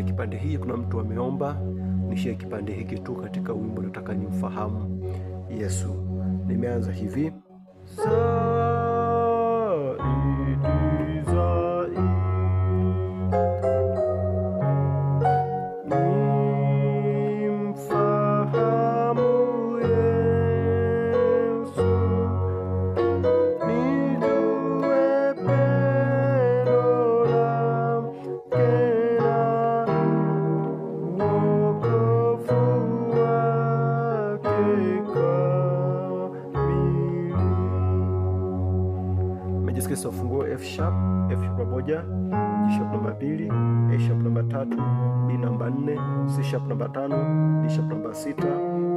nishia kipande hiki. Kuna mtu ameomba nishia kipande hiki tu katika wimbo, nataka nimfahamu Yesu. Nimeanza hivi so Majeskesi wa funguo F sharp, F sharp namba moja, G sharp namba mbili, A sharp namba tatu, B namba nne, C sharp namba tano, D sharp namba sita,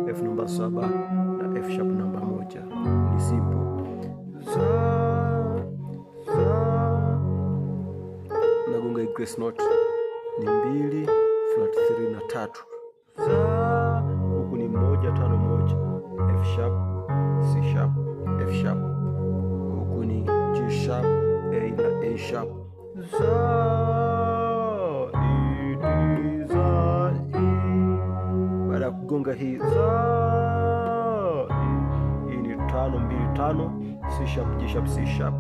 F namba saba na F sharp namba moja. Ni simple. Nagonga grace note ni mbili, flat 3 na tatu. Huku ni moja tano moja, F sharp, C sharp, F sharp G sharp, eh, A na A sharp. Za, E, za, E. Baada ya kugonga hii za, E, hii ni tano mbili tano, C sharp, G sharp, C sharp.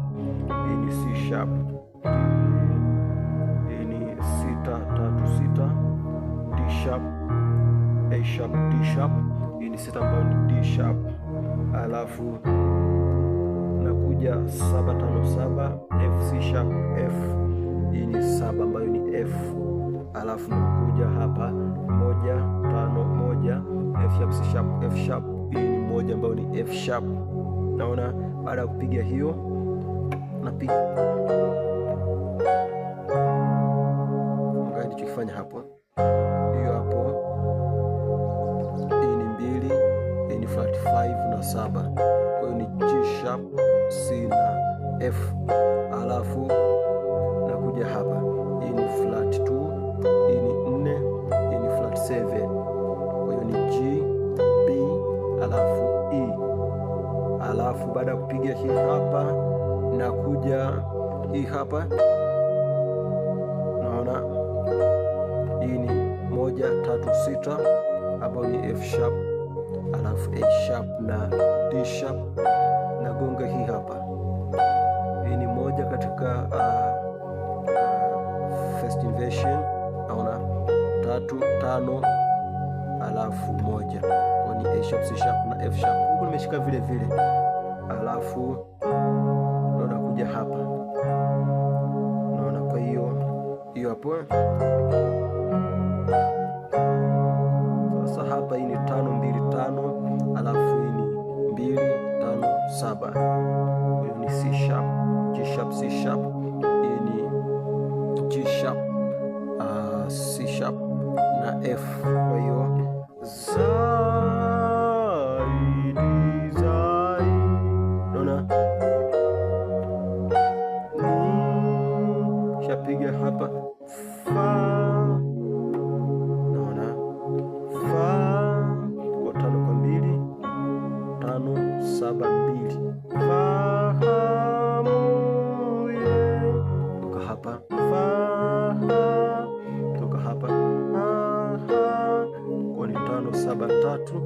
Hii ni C sharp. Hii ni sita tatu sita, D sharp, A sharp, D sharp. Hii ni sita ambayo ni D sharp, alafu unakuja 757 F C sharp F. Hii ni saba ambayo ni F, alafu unakuja hapa moja tano moja F sharp C sharp F sharp. Hii ni moja ambayo ni F sharp. Naona baada ya kupiga hiyo napiga kufanya hapo hiyo hapo, hii ni mbili, hii ni flat 5 na saba, kwa hiyo ni G sharp C na F, alafu nakuja hapa, hii ni flat 2, hii ni 4, hii ni flat 7, kwa hiyo ni G B alafu E, alafu baada ya kupiga hii hapa nakuja hii hapa, naona hii ni moja tatu sita, ambayo ni F sharp alafu A sharp na D sharp na gonga hii hapa. Hii ni moja katika uh, uh, first inversion, naona tatu tano alafu moja kwa ni A sharp, C sharp na F sharp. Huko nimeshika vile vile, alafu naona kuja hapa, naona kwa hiyo hiyo hapo hapa, hii ni tano mbili tano, alafu hii ni mbili tano saba. hiyo ni C sharp, G sharp, C sharp. Hii ni G sharp, uh, ah, C sharp na F. Kwa hiyo hapa fa ha, kutoka hapa ha ha, kwa ni tano saba tatu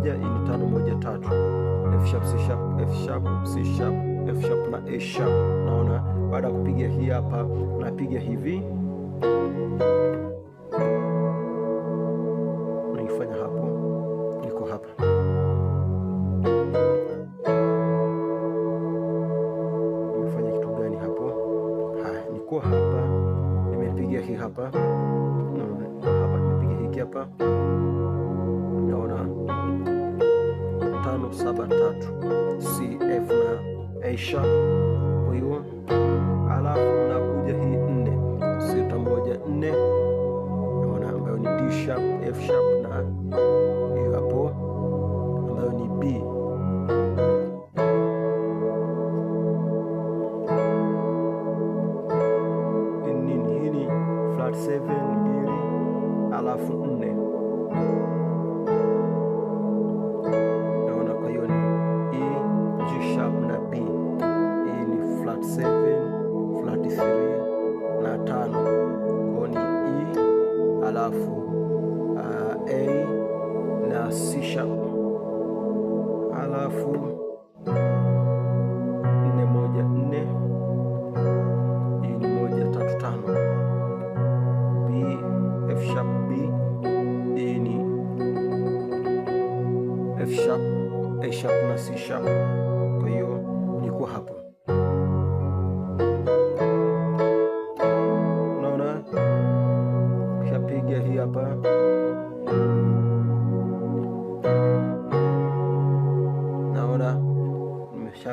moja ini tano moja tatu F sharp C sharp F sharp C sharp F sharp na A sharp. Naona baada ya kupiga hii hapa, napiga hivi naifanya hapo, niko hapa nimefanya kitu gani hapo? Haya, niko hapa, nimepiga hii hapa, hapa nimepiga hiki hapa tano saba tatu C F na A sharp. Kwa hiyo alafu nakuja hii nne sita moja nne, naona ambayo ni D sharp, F sharp na hiyo hapo ambayo ni B flat 7 mbili alafu nne C sharp, alafu nne moja nne, hii ni moja tatu tano, B F sharp B, hii ni F sharp A sharp na C sharp. Kwa hiyo nilikuwa hapo.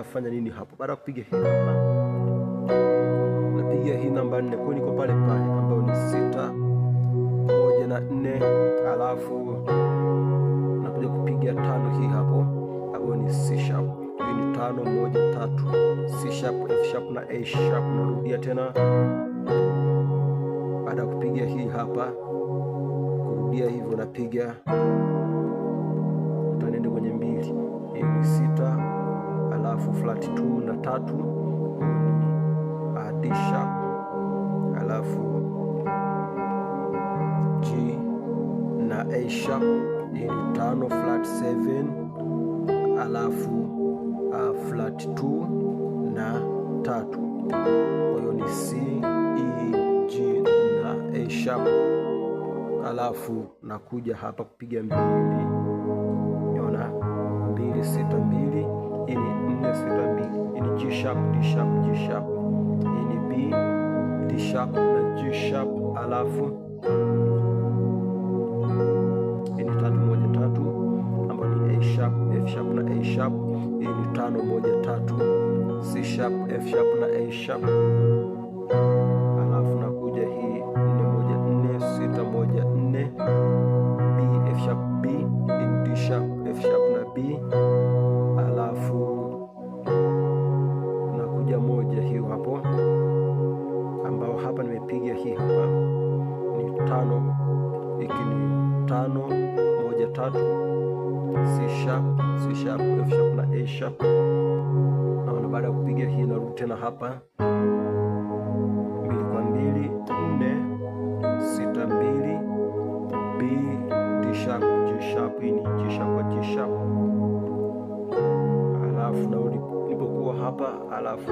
nafanya nini hapo? Baada ya kupiga hii namba, napiga hii namba nne, kwa niko pale pale ambayo ni sita moja na nne, alafu nakuja kupiga tano hii hapo ambayo ni C sharp. Hii ni tano moja tatu, C sharp, F sharp na A sharp. Narudia tena, baada ya kupiga hii hapa, kurudia hivyo, napiga tutaende kwenye mbili, hii ni sita alafu flat 2 na tatu uh, D sharp, alafu G na A sharp ni tano flat 7 alafu uh, flat 2 na tatu. Kwa hiyo ni C, E, G na A sharp, alafu nakuja hapa kupiga mbili, ona mbili sita mbili sharp, D sharp, G sharp. Hii B, D sharp na G sharp, alafu hii moja tatu ambayo ni A sharp, F sharp na A sharp. tano moja tatu C sharp, F sharp na A sharp. nikipiga hii hapa ni tano, hiki ni tano moja tatu, C sharp, C sharp, F sharp na A sharp. Naona baada ya kupiga hii narudi tena hapa mbili kwa mbili nne sita mbili, B D sharp, G sharp, hii ni G sharp kwa G sharp, alafu narudi nipokuwa hapa alafu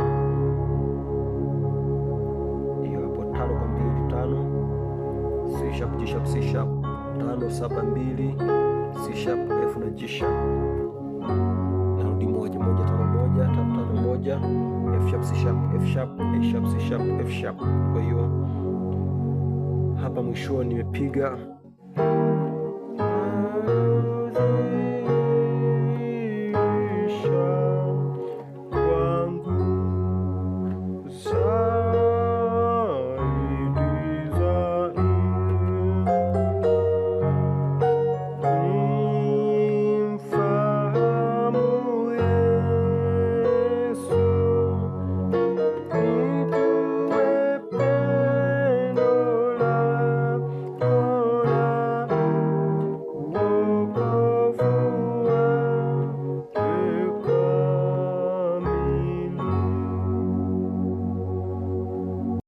sharp, G sharp, C sharp, tano saba mbili, C sharp, F na G sharp. Narudi moja moja tano moja tano tano moja, F sharp, C sharp, F sharp, A sharp, C sharp, F sharp. Kwa hiyo hapa mwishoni nimepiga